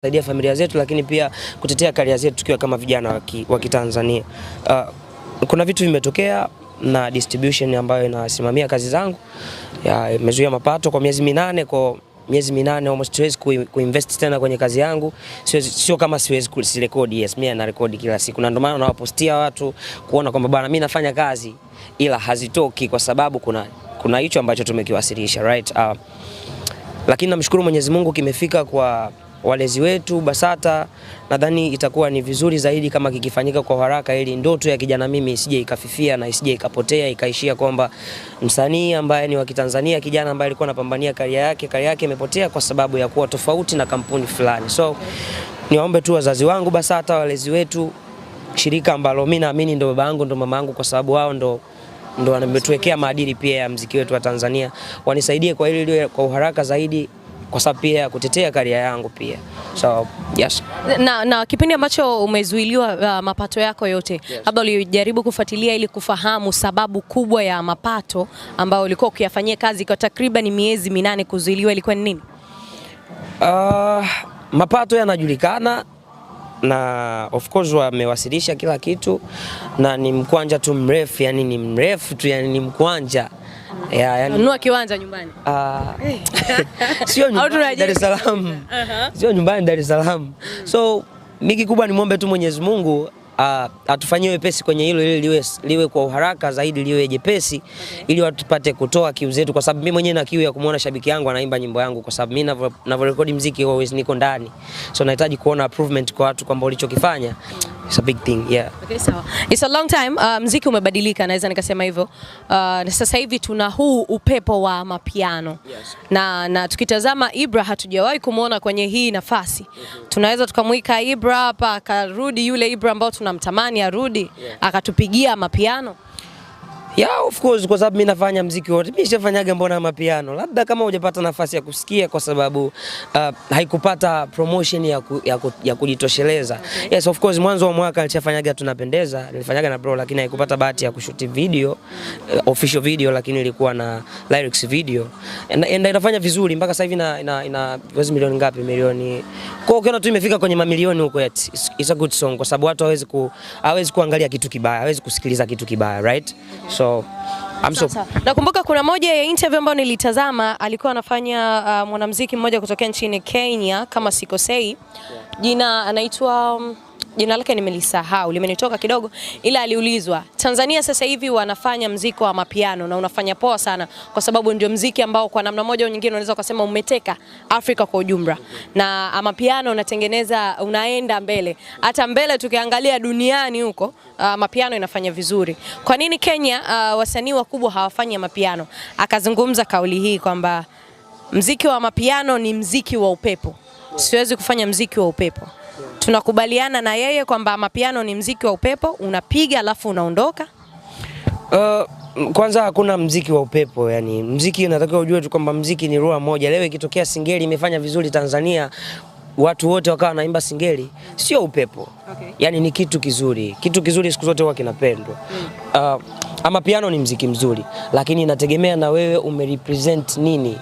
kusaidia familia zetu, lakini pia kutetea karia zetu tukiwa kama vijana wa Kitanzania. Uh, kuna vitu vimetokea na distribution ambayo inasimamia kazi zangu imezuia mapato kwa miezi minane kwa miezi minane almost siwezi kuinvest tena kwenye kazi yangu. Sio kama siwezi kurekodi, yes mimi na rekodi kila siku, na ndio maana nawapostia watu kuona kwamba bwana, mimi nafanya kazi ila hazitoki, kwa sababu kuna kuna hicho ambacho tumekiwasilisha right. Uh, lakini namshukuru Mwenyezi Mungu kimefika kwa walezi wetu BASATA, nadhani itakuwa ni vizuri zaidi kama kikifanyika kwa haraka, ili ndoto ya kijana mimi isije ikafifia na isije ikapotea ikaishia kwamba msanii ambaye ni wa Kitanzania, kijana ambaye alikuwa anapambania kariera yake, kariera yake imepotea kwa sababu ya kuwa tofauti na kampuni fulani. So niwaombe tu wazazi wangu BASATA, walezi wetu, shirika ambalo mimi naamini ndo baba yangu ndo mama yangu, kwa sababu wao ndo ndo wametuwekea maadili pia ya mziki wetu wa Tanzania, wanisaidie kwa hili kwa uharaka zaidi kwa sababu pia kutetea karia yangu pia so, yes. Na, na kipindi ambacho umezuiliwa uh, mapato yako yote labda yes. Ulijaribu kufuatilia ili kufahamu sababu kubwa ya mapato ambayo ulikuwa ukiyafanyia kazi kwa takriban miezi minane kuzuiliwa ilikuwa ni nini? Uh, mapato yanajulikana na of course wamewasilisha kila kitu, na ni mkwanja tu mrefu, yani ni mrefu tu, yani ni mkwanja Ah. Yeah, yani nunua kiwanja nyumbani. Ah. Sio nyumbani Dar es Salaam. Uh-huh. Sio nyumbani Dar es Salaam. So mi kikubwa ni muombe tu Mwenyezi Mungu uh, atufanyie wepesi kwenye hilo ili liwe, liwe kwa uharaka zaidi liwe jepesi okay. ili watu tupate kutoa kiu zetu, kwa sababu mimi mwenyewe na kiu ya kumwona shabiki yangu anaimba nyimbo yangu, kwa sababu mimi navyorekodi mziki always niko ndani, so nahitaji kuona improvement kwa watu kwamba ulichokifanya mm It's a big thing, yeah. Okay, so It's a long time. Uh, mziki umebadilika naweza nikasema hivyo. Uh, sasa hivi tuna huu upepo wa mapiano. Yes. Na, na tukitazama Ibra hatujawahi kumwona kwenye hii nafasi. Mm -hmm. Tunaweza tukamwika Ibra hapa akarudi yule Ibra ambao tunamtamani arudi, yeah. Akatupigia mapiano. Yeah, of course kwa sababu mimi nafanya mziki wote. Mimi sifanyaga mbona mapiano. Labda kama hujapata nafasi ya kusikia kwa sababu uh, haikupata promotion ya, ku, ya, ku, ya kujitosheleza. Okay. Yes, of course mwanzo wa mwaka nilifanyaga tunapendeza, nilifanyaga na bro lakini haikupata bahati ya kushuti video, uh, official video lakini ilikuwa na lyrics video. Na inafanya vizuri mpaka sasa hivi na ina, ina milioni ngapi? Milioni. Kwa hiyo tu imefika kwenye mamilioni huko yet. it's, it's a good song kwa sababu watu hawezi ku hawezi kuangalia kitu kibaya, hawezi kusikiliza kitu kibaya, right? So, so I'm so, so. Nakumbuka kuna moja ya interview ambayo nilitazama alikuwa anafanya uh, mwanamuziki mmoja kutokea nchini Kenya kama sikosei, jina anaitwa um, jina lake nimelisahau, limenitoka kidogo, ila aliulizwa Tanzania sasa hivi wanafanya mziki wa mapiano na unafanya poa sana, kwa sababu ndio mziki ambao kwa namna moja au nyingine unaweza kusema umeteka Afrika kwa ujumla, na ah, mapiano unatengeneza, unaenda mbele, hata mbele tukiangalia duniani huko, uh, mapiano inafanya vizuri. Kwa nini Kenya ah, wasanii wakubwa hawafanyi mapiano? Akazungumza kauli hii kwamba mziki wa mapiano ni mziki wa upepo, siwezi kufanya mziki wa upepo tunakubaliana na yeye kwamba mapiano ni mziki wa upepo, unapiga alafu unaondoka. Uh, kwanza hakuna mziki wa upepo, yani mziki unatakiwa ujue tu kwamba mziki ni roho moja. Leo ikitokea singeli imefanya vizuri Tanzania, watu wote wakawa wanaimba singeli, sio upepo okay. Yani ni kitu kizuri, kitu kizuri siku zote huwa kinapendwa mm. Uh, ama piano ni mziki mzuri, lakini inategemea na wewe umerepresent nini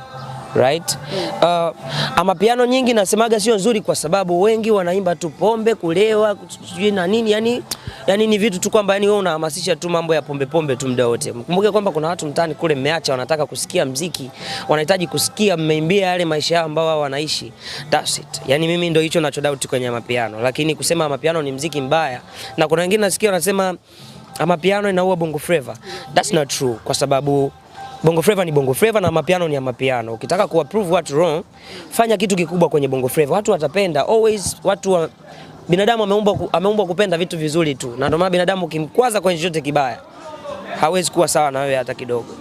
right? Uh, amapiano nyingi nasemaga sio nzuri kwa sababu wengi wanaimba tu pombe, kulewa, sijui na nini, yani yani ni vitu tu kwamba yani wewe unahamasisha tu mambo ya pombe pombe tu muda wote. Kumbuke kwamba kuna watu mtaani kule mmeacha, wanataka kusikia mziki, wanahitaji kusikia mmeimbia yale maisha yao ambao wao wanaishi. That's it. Yani mimi ndio hicho nacho doubt kwenye amapiano, lakini kusema amapiano ni mziki mbaya, na kuna wengine nasikia wanasema amapiano inaua bongo flava. That's not true kwa sababu Bongo Flava ni Bongo Flava na mapiano ni ya mapiano. Ukitaka ku approve watu wrong, fanya kitu kikubwa kwenye Bongo Flava. Watu watapenda always, watu wa, binadamu ameumbwa ameumbwa kupenda vitu vizuri tu. Na ndio maana binadamu ukimkwaza kwenye chochote kibaya, hawezi kuwa sawa na wewe hata kidogo.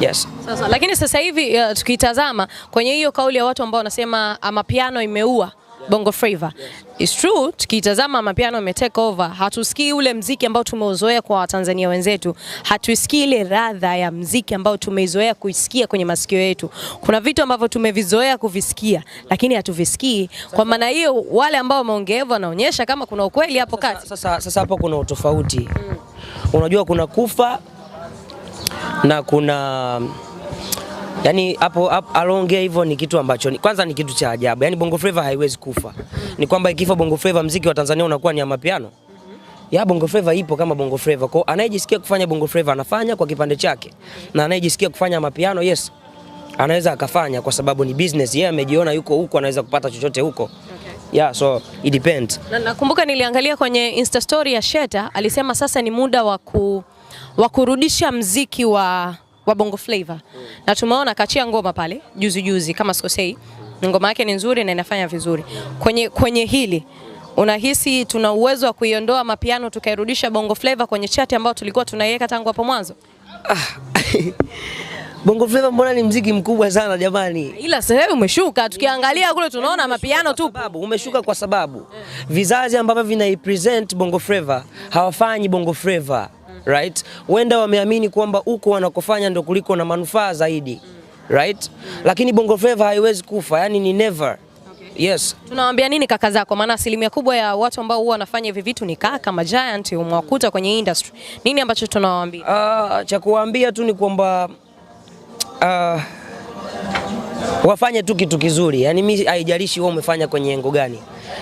Yes. Sasa, lakini sasa hivi uh, tukitazama kwenye hiyo kauli ya watu ambao wanasema amapiano ah, imeua Bongo Flava. It's true, tukitazama mapiano ame take over, hatusikii ule mziki ambao tumeuzoea kwa Watanzania wenzetu, hatusikii ile radha ya mziki ambao tumeizoea kuisikia kwenye masikio yetu. Kuna vitu ambavyo tumevizoea kuvisikia lakini hatuvisikii. Kwa maana hiyo, wale ambao wameongea wanaonyesha kama kuna ukweli hapo kati. Sasa sasa hapo kuna utofauti. Mm. Unajua kuna kufa na kuna yani hapo alongea hivyo ni kitu ambacho ni, kwanza ni kitu cha ajabu. Yani Bongo Flava haiwezi kufa, mm-hmm. ni kwamba ikifa Bongo Flava mziki wa Tanzania unakuwa ni amapiano mm-hmm. ya Bongo Flava ipo kama Bongo Flava. Kwa anayejisikia kufanya Bongo Flava anafanya kwa kipande chake, mm-hmm. na anayejisikia kufanya amapiano, yes, anaweza akafanya, kwa sababu ni business. Yeye yeah, amejiona yuko huko, anaweza kupata chochote huko. Yeah, so it depends. Na nakumbuka niliangalia kwenye Insta story ya Sheta, alisema sasa ni muda wa ku wa kurudisha mziki wa wa Bongo Flava na tumeona kachia ngoma pale juzi juzi, kama sikosei, ngoma yake ni nzuri na inafanya vizuri kwenye, kwenye hili Unahisi tuna uwezo wa kuiondoa Mapiano tukairudisha Bongo Flava kwenye chati ambayo tulikuwa tunaiweka tangu hapo mwanzo? Ah, Bongo Flava mbona ni mziki mkubwa sana jamani, ila sasa umeshuka. Tukiangalia kule tunaona Mapiano tu sababu umeshuka kwa sababu vizazi ambavyo vinaipresent Bongo Flava hawafanyi Bongo Flava right? Wenda wameamini kwamba huko wanakofanya ndo kuliko na manufaa zaidi right? Lakini Bongo Flava haiwezi kufa, yani ni never Yes. Tunawaambia nini kaka zako? Maana asilimia kubwa ya watu ambao huwa wanafanya hivi vitu ni kaka ma giant umewakuta kwenye industry. Nini ambacho tunawaambia? Uh, cha kuwaambia tu ni kwamba uh, wafanye tu kitu kizuri. Yaani mimi haijalishi wewe umefanya kwenye engo gani.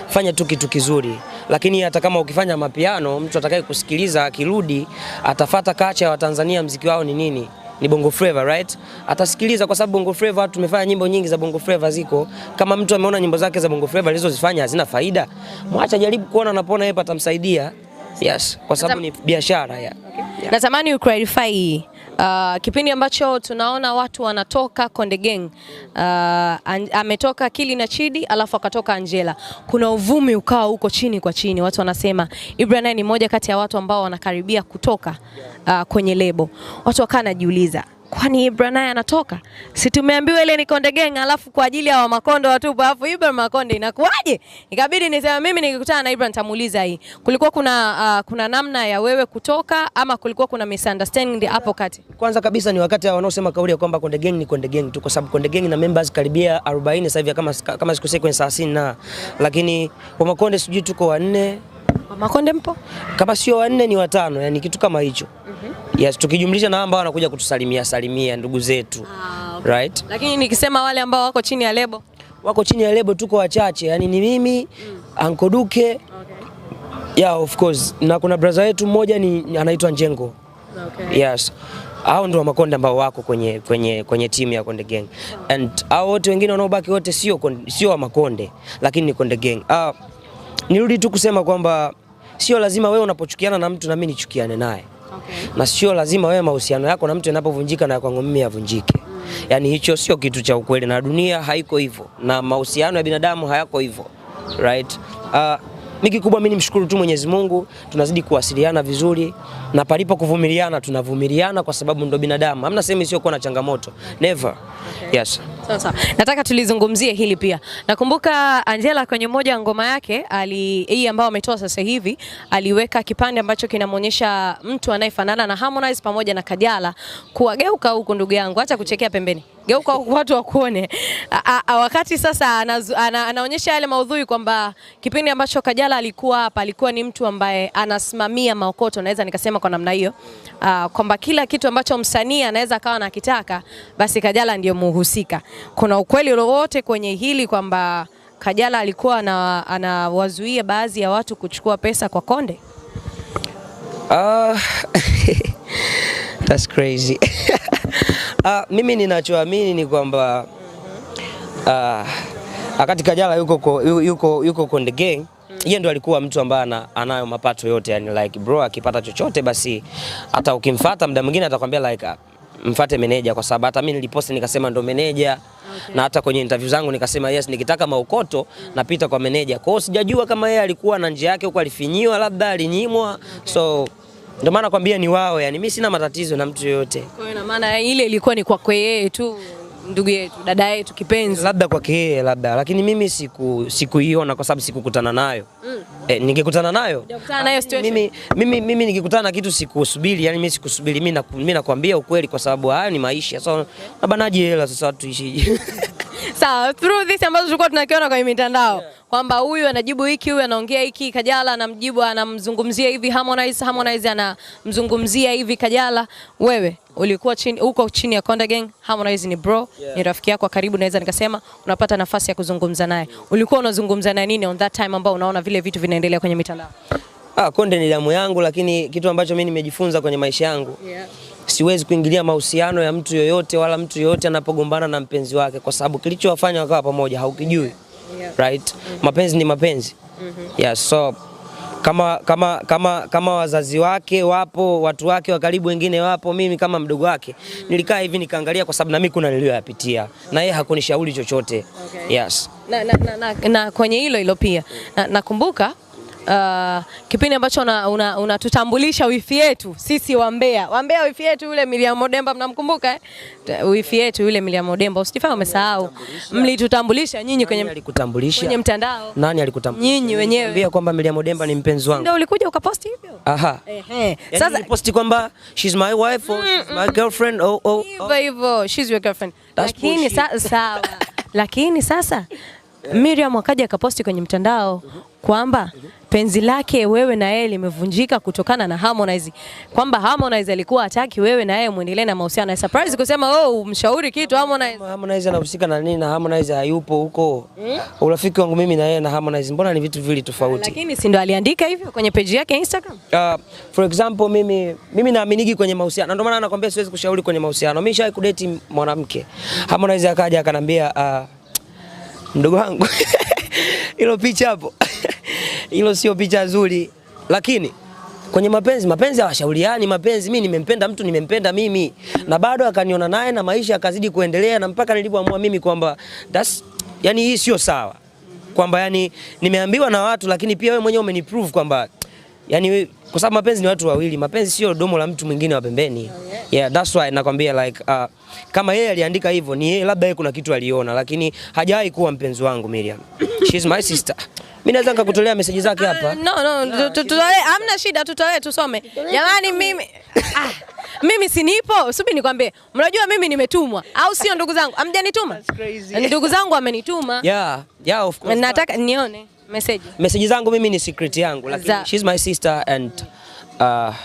Fanya tu kitu kizuri lakini hata kama ukifanya mapiano, mtu atakaye kusikiliza akirudi atafata kacha ya Watanzania, mziki wao ni nini ni Bongo Flava right? Atasikiliza kwa sababu Bongo Flava tumefanya nyimbo nyingi za Bongo Flava ziko. Kama mtu ameona nyimbo zake za Bongo Flava alizozifanya hazina faida, mwacha jaribu kuona anapona yeye patamsaidia. Yes, kwa sababu ni biashara ya. Yeah. Okay. Yeah. Natamani hii. Uh, kipindi ambacho tunaona watu wanatoka Konde Gang uh, ametoka Kili na Chidi alafu akatoka Angela, kuna uvumi ukawa huko chini kwa chini, watu wanasema Ibra naye ni moja kati ya watu ambao wanakaribia kutoka uh, kwenye lebo. Watu wakaa najiuliza kwani Ibra naye anatoka? Si tumeambiwa ile ni Konde Gang, alafu kwa ajili ya wa Wamakondo watupu, alafu Ibra Makonde inakuwaje? Ikabidi nisema mimi nikikutana na Ibra nitamuuliza hii. Kulikuwa kuna uh, kuna namna ya wewe kutoka ama kulikuwa kuna misunderstanding hapo kati? Kwanza kabisa ni wakati hao wanaosema kauli ya kwamba Konde Gang ni Konde Gang tu kwa sababu Konde Gang na members karibia 40 sasa hivi kama kama sikosei kwenye 30 na lakini kwa Makonde sijui tuko wanne. Kwa Makonde mpo? Kama sio wanne ni watano, yani kitu kama hicho. Mm -hmm. Yes, tukijumlisha na ambao wanakuja kutusalimia salimia ndugu zetu. Ah, okay. Right? Lakini nikisema wale ambao wako chini ya lebo, wako chini ya lebo tuko wachache, yaani ni mimi mm. Anko Duke okay. Yeah, of course. Na kuna brother yetu mmoja ni anaitwa Njengo. Okay. Yes. Hao ndio makonde ambao wako kwenye, kwenye, kwenye timu ya Konde Gang. Oh. And hao wote wengine wanaobaki wote sio sio wa makonde lakini ni Konde Gang. Ah, nirudi tu kusema kwamba sio lazima wewe unapochukiana na mtu na mimi nichukiane naye na sio lazima wewe mahusiano yako na mtu yanapovunjika na kwangu mimi yavunjike. Yaani hicho sio kitu cha ukweli, na dunia haiko hivyo, na mahusiano ya binadamu hayako hivyo right? Uh, mi kikubwa mi nimshukuru tu Mwenyezi Mungu, tunazidi kuwasiliana vizuri, na palipo kuvumiliana tunavumiliana, kwa sababu ndo binadamu, hamna sehemu isiyokuwa na changamoto never. Okay. Yes. Sawa sawa. Nataka tulizungumzie hili pia. Nakumbuka Angela kwenye moja ya ngoma yake ali hii ambayo ametoa sasa hivi aliweka kipande ambacho kinamuonyesha mtu anayefanana na Harmonize pamoja na Kajala kuwageuka huko ndugu yangu, acha kuchekea pembeni. Geuka huku watu wakuone. A, a, Wakati sasa anazu, ana, anaonyesha yale maudhui kwamba kipindi ambacho Kajala alikuwa hapa alikuwa ni mtu ambaye anasimamia maokoto, naweza nikasema kwa namna hiyo kwamba kila kitu ambacho msanii anaweza akawa anakitaka basi Kajala ndiyo muhusika kuna ukweli wowote kwenye hili kwamba Kajala alikuwa anawazuia baadhi ya watu kuchukua pesa kwa Konde? Uh, that's crazy. Uh, mimi ninachoamini ni kwamba uh, ah, akati Kajala yuko, yuko, yuko Konde Gang yeye ndo alikuwa mtu ambaye anayo mapato yote, yani like bro akipata chochote basi hata ukimfata muda mwingine atakwambia like mfate meneja, kwa sababu hata mimi niliposti nikasema ndo meneja okay. Na hata kwenye interview zangu nikasema yes, nikitaka maukoto mm. napita kwa meneja. Kwa hiyo sijajua kama yeye alikuwa na njia yake huko, alifinyiwa labda alinyimwa okay. so ndio maana kwambia ni wao, yani mimi sina matatizo na mtu yoyote. Kwa hiyo na maana ile ilikuwa ni kwa yeye tu ndugu yetu, dada yetu kipenzi, labda kwake yeye labda, lakini mimi siku sikuiona kwa sababu sikukutana nayo mm. E, eh, ningekutana nayo situation. mimi, mimi, mimi nikikutana na kitu sikusubiri, yani mimi sikusubiri, mimi nakwambia ukweli, kwa sababu haya ni maisha. So okay. Nabanaje hela sasa tuishije? Sawa, through this ambazo tulikuwa tunakiona kwenye mitandao yeah, kwamba huyu anajibu hiki, huyu anaongea hiki, Kajala anamjibu anamzungumzia hivi Harmonize, Harmonize anamzungumzia hivi Kajala. Wewe ulikuwa chini huko chini ya Konda Gang, Harmonize ni bro, yeah, ni rafiki yako karibu, naweza nikasema unapata nafasi ya kuzungumza naye. Ulikuwa unazungumza naye nini on that time ambao unaona vile vitu vinaendelea kwenye mitandao? Ah, Konde ni damu yangu, lakini kitu ambacho mimi nimejifunza kwenye maisha yangu yeah. Siwezi kuingilia mahusiano ya mtu yoyote wala mtu yoyote anapogombana na mpenzi wake, kwa sababu kilichowafanya wakawa pamoja haukijui yeah. Yeah. Right? mm -hmm. Mapenzi ni mapenzi mm -hmm. yeah, so kama, kama, kama, kama wazazi wake wapo, watu wake wa karibu wengine wapo, mimi kama mdogo wake mm. nilikaa hivi nikaangalia, kwa sababu na mimi kuna niliyoyapitia okay. na yeye hakunishauri chochote okay. yes. na, na, na, na, na kwenye hilo hilo pia nakumbuka na Uh, kipindi ambacho unatutambulisha una, una wifi yetu sisi wa Mbeya wa Mbeya, wifi yetu yule Miriam Odemba mnamkumbuka eh? Wifi yetu yule Miriam Odemba usijifanye umesahau, mlitutambulisha nyinyi kwenye alikutambulisha kwenye mtandao. Nani alikutambulisha? Nyinyi wenyewe Niambia kwamba Miriam Odemba ni mpenzi wangu, ndio ulikuja ukaposti hivyo. Aha, ehe, yaani sasa uliposti kwamba she's my wife or mm, she's my girlfriend oh oh, oh. hivyo oh. hivyo she's your girlfriend, lakini sawa, lakini sasa Miriam akaja akaposti kwenye mtandao kwamba penzi lake wewe na yeye limevunjika kutokana na Harmonize, kwamba Harmonize alikuwa hataki wewe na yeye muendelee na mahusiano ya surprise, kusema oh, umshauri kitu Harmonize. Harmonize anahusika na nini? na Harmonize hayupo huko hmm? Urafiki wangu mimi na yeye na Harmonize mbona ni vitu vili tofauti? Lakini si ndo aliandika hivyo kwenye page yake Instagram. Uh, for example mimi mimi naaminiki kwenye mahusiano, ndio maana anakwambia siwezi kushauri kwenye mahusiano. Mimi nishawahi kudate mwanamke hmm. Harmonize akaja akanambia uh, mdogo wangu hilo picha hapo hilo sio picha nzuri, lakini kwenye mapenzi, mapenzi hawashauriani. Mapenzi mimi nimempenda mtu, nimempenda mimi, na bado akaniona naye na maisha akazidi kuendelea, na mpaka nilipoamua mimi kwamba that's, yani hii sio sawa, kwamba yani nimeambiwa na watu, lakini pia wewe mwenyewe umeniprove kwamba yani, kwa sababu mapenzi ni watu wawili, mapenzi sio domo la mtu mwingine wa pembeni. Yeah, that's why nakwambia like uh, kama yeye aliandika hivyo ni yeye, labda yeye kuna kitu aliona, lakini hajawahi kuwa mpenzi wangu Miriam. She's my sister. Mimi naweza nikakutolea message zake hapa. Uh, no, no, tutoe, hamna shida, tutoe tusome. Jamani mimi ah, mimi si nipo, subiri nikwambie. Mnajua mimi nimetumwa au sio ndugu zangu? Amjanituma? Ndugu zangu amenituma. Yeah, yeah of course. Nataka nione message. Message zangu mimi ni secret yangu, lakini she's my sister and uh,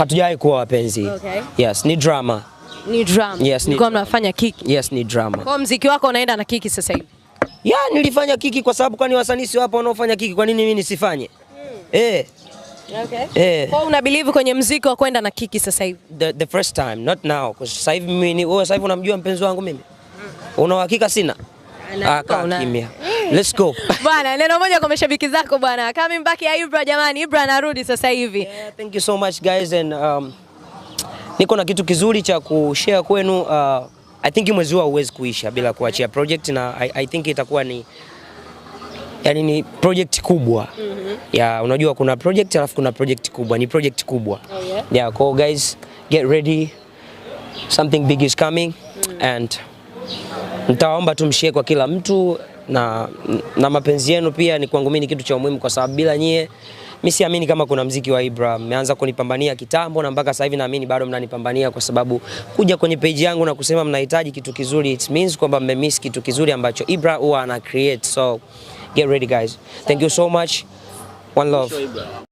Hatujawahi kuwa wapenzi. Okay. Yes, ni drama. Ni drama. Yes, ni drama. Mnafanya kiki. Yes, ni drama. Kwa mziki wako unaenda na kiki sasa hivi? Ya, nilifanya kiki kwa sababu kwani wasanii si wapo wanaofanya kiki, kwa nini mimi nisifanye? Hmm. Eh. Okay. Eh. Kwa una believe kwenye mziki wa kwenda na kiki sasa hivi? The, the first time, not now. Kwa sasa hivi mimi wewe sasa hivi unamjua mpenzi wangu mimi? Mm. Una uhakika sina? Anakuwa ah, kimya. Let's go. Bwana, neno moja kwa mashabiki zako bwana. Coming back ya Ibra jamani, Ibra anarudi sasa hivi. Yeah, thank you so much guys and um, niko na kitu kizuri cha kushare kwenu uh, I think mwezi huu hauwezi kuisha bila kuachia project na I, I think itakuwa ni yani ni project kubwa mm -hmm. ya yeah, unajua kuna project alafu kuna project kubwa ni project kubwa oh, yeah. yeah kwa guys get ready something big is coming mm -hmm. and nitaomba tumshie kwa kila mtu na, na mapenzi yenu pia ni kwangu mimi ni kitu cha muhimu, kwa sababu bila nyie mimi siamini kama kuna mziki wa Ibra. Mmeanza kunipambania kitambo na mpaka sasa hivi naamini bado mnanipambania, kwa sababu kuja kwenye page yangu na kusema mnahitaji kitu kizuri, it means kwamba mmemiss kitu kizuri ambacho Ibra huwa ana create. So get ready guys, thank you so much, one love.